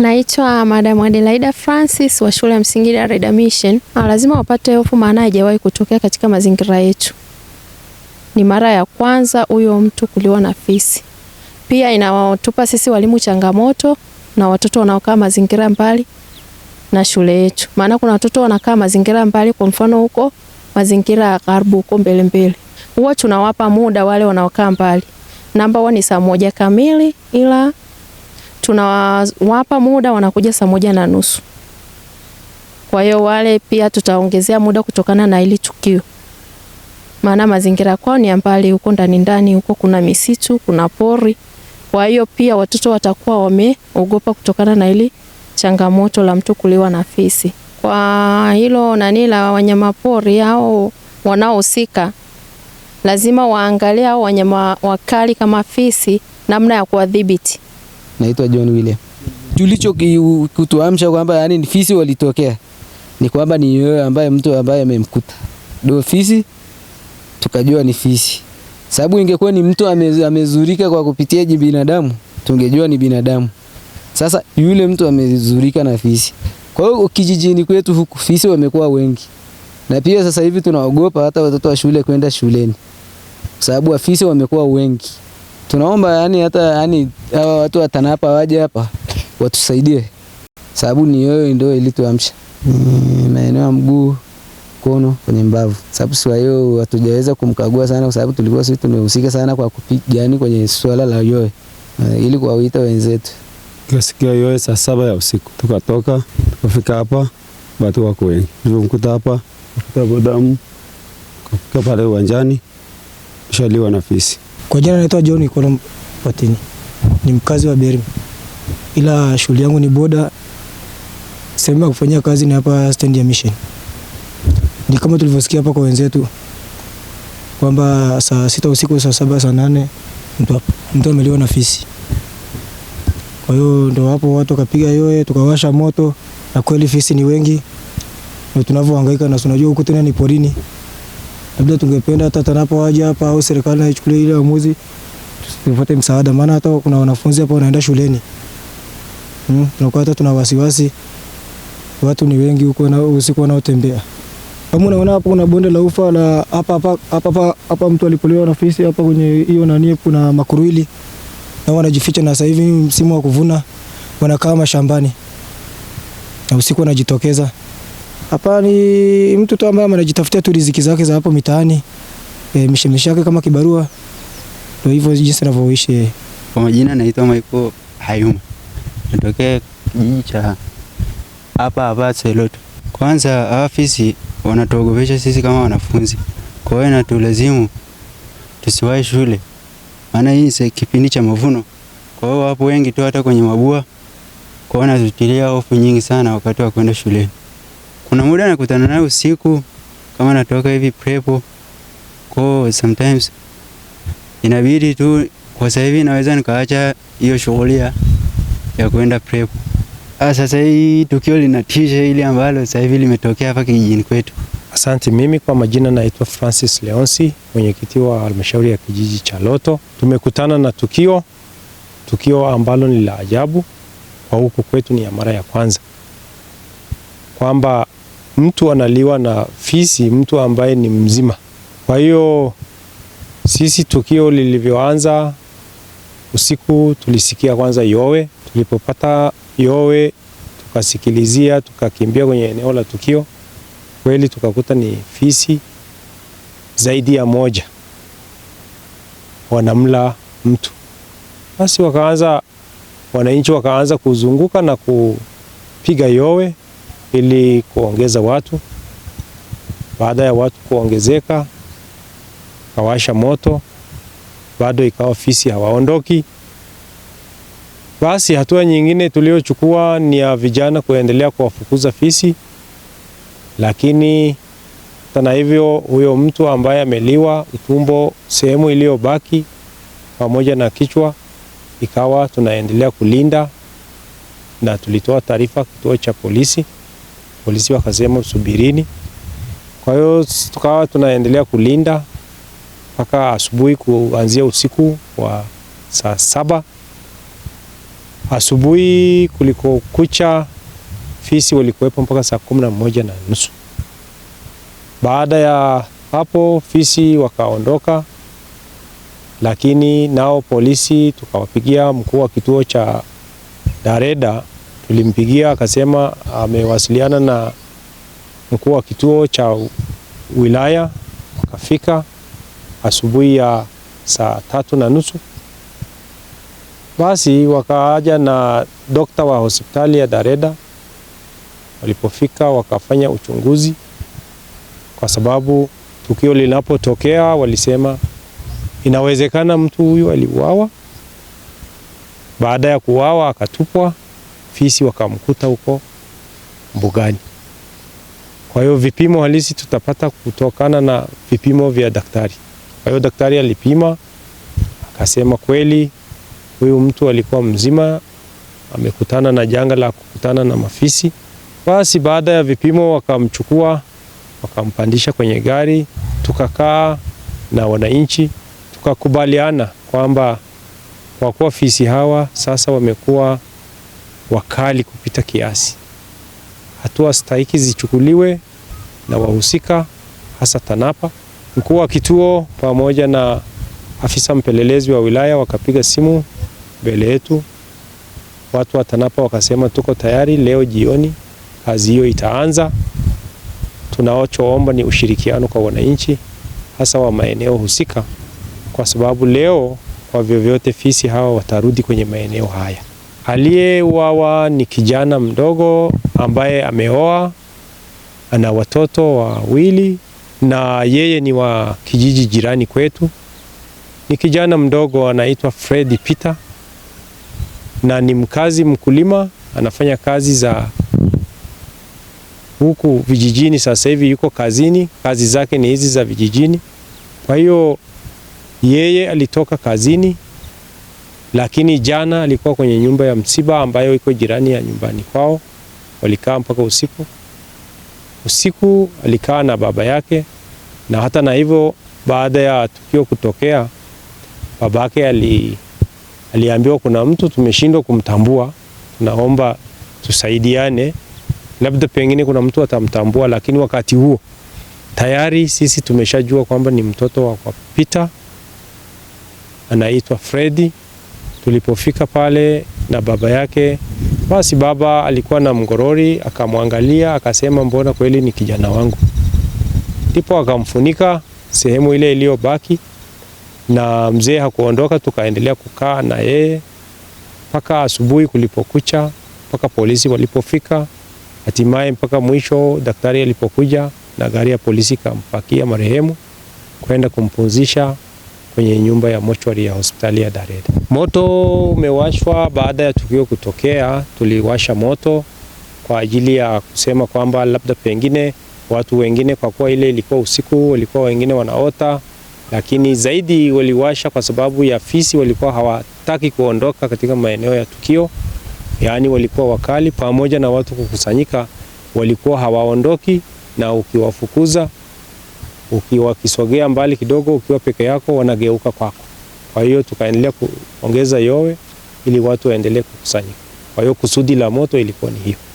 Naitwa Madam Adelaida Francis wa shule ya msingi Dareda Mission. Ah, lazima wapate hofu, maana haijawahi kutokea katika mazingira yetu. Ni mara ya kwanza huyo mtu kuliwa na fisi. Pia inawatupa sisi walimu changamoto na watoto wanaokaa mazingira mbali na shule yetu, maana kuna watoto wanakaa mazingira mbali, kwa mfano huko mazingira ya karibu huko mbele mbele, huwa tunawapa muda wale wanaokaa mbali. Namba huwa ni saa moja kamili ila tunawapa muda, wanakuja saa moja na nusu. Kwa hiyo wale pia tutaongezea muda kutokana na hili tukio, maana mazingira kwao ni mbali, huko ndani ndani huko kuna misitu, kuna pori. Kwa hiyo pia watoto watakuwa wameogopa kutokana na hili changamoto la mtu kuliwa na fisi. Kwa hilo nani la wanyamapori au wanaohusika lazima waangalie hao wanyama wakali kama fisi, namna ya kuwadhibiti naitwa John William. Tulicho kutuamsha kwamba yani ni fisi walitokea ni kwamba ni yeye ambaye mtu ambaye amemkuta do fisi, tukajua ni fisi, sababu ingekuwa ni mtu amezurika kwa kupitia binadamu tungejua ni binadamu. Sasa yule mtu amezurika na fisi. Kwa hiyo kijijini kwetu huku fisi wamekuwa wengi, na pia sasa hivi tunaogopa hata watoto wa shule kwenda shuleni, sababu fisi wamekuwa wengi tunaomba yani hata yani hawa watu wa TANAPA waje hapa watusaidie, sababu ni yoyo ndio ilituamsha mm. maeneo ya mguu kono kwenye mbavu, sababu si wao hatujaweza kumkagua sana, kwa sababu tulikuwa sisi tumehusika sana kwa kupiga yani kwenye swala la yoyo uh, eh, ili kuwaita wenzetu. Tukasikia yoyo saa saba ya usiku, tukatoka tukafika hapa, watu wako wengi, tulimkuta hapa damu kafika pale uwanjani, shaliwa na fisi kwa jina naitwa John Ikolo Patini, ni mkazi wa Bermi, ila shughuli yangu ni boda. Sehemu ya kufanyia kazi ni hapa stendi ya Mission. Ni kama tulivyosikia hapa kwa wenzetu kwamba saa sita usiku, saa saba, saa nane mtu ameliwa na fisi. Kwa hiyo ndo hapo watu wakapiga yoye, tukawasha moto, na kweli fisi ni wengi, ndo tunavyohangaika na tunajua huku tena ni porini labda tungependa hata tunapowaja hapa au serikali haichukulie ile amuzi tupate msaada, maana hata kuna wanafunzi hapa wanaenda shuleni hmm. Tunakuwa hata tuna wasiwasi, watu ni wengi huko na usiku wanaotembea kama unaona hapo kuna bonde la ufa la hapa hapa hapa hapa, mtu alipolewa na fisi hapa kwenye hiyo nani, kuna makuruili na wanajificha, na sasa hivi msimu wa kuvuna wanakaa mashambani na usiku wanajitokeza. Hapa ni mtu tu ambaye anajitafutia tu riziki zake za hapo mitaani, e, eh, mishemeshi yake kama kibarua, ndio hivyo jinsi anavyoishi. Kwa majina naitwa Maiko Hayuma, natokea kijiji cha hapa hapa Selotu. Kwanza afisi wanatuogopesha sisi kama wanafunzi, kwa hiyo inatulazimu tusiwahi shule, maana hii ni kipindi cha mavuno. Kwa hiyo wapo wengi tu hata kwenye mabua, kwa hiyo wanatutilia hofu nyingi sana wakati wa kwenda shuleni kuna muda nakutana naye usiku kama natoka hivi prepo ko, sometimes inabidi tu kwa sasa hivi naweza nikaacha hiyo shughuli ya kwenda prepo. Ah, sasa hii tukio linatisha ile ambalo sasa hivi limetokea hapa kijijini kwetu. Asante. Mimi kwa majina naitwa Francis Leonsi, mwenyekiti wa halmashauri ya kijiji cha Loto. Tumekutana na tukio tukio ambalo ni la ajabu kwa huku kwetu, ni ya mara ya kwanza kwamba mtu analiwa na fisi, mtu ambaye ni mzima. Kwa hiyo sisi tukio lilivyoanza usiku, tulisikia kwanza yowe. Tulipopata yowe, tukasikilizia, tukakimbia kwenye eneo la tukio, kweli tukakuta ni fisi zaidi ya moja wanamla mtu. Basi wakaanza wananchi wakaanza kuzunguka na kupiga yowe ili kuongeza watu. Baada ya watu kuongezeka, kawasha moto, bado ikawa fisi hawaondoki. Basi hatua nyingine tuliochukua ni ya vijana kuendelea kuwafukuza fisi, lakini tena hivyo huyo mtu ambaye ameliwa utumbo, sehemu iliyobaki pamoja na kichwa, ikawa tunaendelea kulinda na tulitoa taarifa kituo cha polisi polisi wakasema subirini. Kwa hiyo tukawa tunaendelea kulinda mpaka asubuhi, kuanzia usiku wa saa saba asubuhi kuliko kucha, fisi walikuwepo mpaka saa kumi na moja na nusu. Baada ya hapo fisi wakaondoka, lakini nao polisi tukawapigia mkuu wa kituo cha Dareda Tulimpigia akasema amewasiliana na mkuu wa kituo cha wilaya, wakafika asubuhi ya saa tatu na nusu. Basi wakaaja na dokta wa hospitali ya Dareda. Walipofika wakafanya uchunguzi, kwa sababu tukio linapotokea walisema inawezekana mtu huyu aliuawa, baada ya kuuawa akatupwa fisi wakamkuta huko mbugani. Kwa hiyo vipimo halisi tutapata kutokana na vipimo vya daktari. Kwa hiyo daktari alipima akasema kweli huyu mtu alikuwa mzima, amekutana na janga la kukutana na mafisi. Basi baada ya vipimo wakamchukua wakampandisha kwenye gari, tukakaa na wananchi tukakubaliana kwamba kwa kuwa fisi hawa sasa wamekuwa wakali kupita kiasi. Hatua stahiki zichukuliwe na wahusika, hasa TANAPA. Mkuu wa kituo pamoja na afisa mpelelezi wa wilaya wakapiga simu mbele yetu, watu wa TANAPA wakasema tuko tayari, leo jioni kazi hiyo itaanza. Tunachoomba ni ushirikiano kwa wananchi, hasa wa maeneo husika, kwa sababu leo kwa vyovyote fisi hawa watarudi kwenye maeneo haya. Aliyeuawa ni kijana mdogo ambaye ameoa, ana watoto wawili na yeye ni wa kijiji jirani kwetu. Ni kijana mdogo anaitwa Fred Peter na ni mkazi mkulima, anafanya kazi za huku vijijini. Sasa hivi yuko kazini, kazi zake ni hizi za vijijini. Kwa hiyo yeye alitoka kazini lakini jana alikuwa kwenye nyumba ya msiba ambayo iko jirani ya nyumbani kwao, walikaa mpaka usiku. Usiku alikaa na baba yake, na hata na hivyo, baada ya tukio kutokea, babake ali, aliambiwa kuna mtu tumeshindwa kumtambua, tunaomba tusaidiane, labda pengine kuna mtu atamtambua. Lakini wakati huo tayari sisi tumeshajua kwamba ni mtoto wa kwa Peter, anaitwa Freddy. Tulipofika pale na baba yake, basi baba alikuwa na mgorori, akamwangalia akasema, mbona kweli ni kijana wangu. Ndipo akamfunika sehemu ile iliyobaki, na mzee hakuondoka. Tukaendelea kukaa na yeye mpaka asubuhi kulipokucha, mpaka polisi walipofika, hatimaye mpaka mwisho daktari alipokuja na gari ya polisi ikampakia marehemu kwenda kumpumzisha kwenye nyumba ya mochwari ya hospitali ya Darede. Moto umewashwa baada ya tukio kutokea. Tuliwasha moto kwa ajili ya kusema kwamba labda pengine watu wengine, kwa kuwa ile ilikuwa usiku, walikuwa wengine wanaota, lakini zaidi waliwasha kwa sababu ya fisi walikuwa hawataki kuondoka katika maeneo ya tukio, yaani walikuwa wakali, pamoja na watu kukusanyika, walikuwa hawaondoki na ukiwafukuza ukiwa kisogea mbali kidogo, ukiwa peke yako wanageuka kwako. Kwa hiyo tukaendelea kuongeza yowe ili watu waendelee kukusanyika. Kwa hiyo kusudi la moto ilikuwa ni hiyo.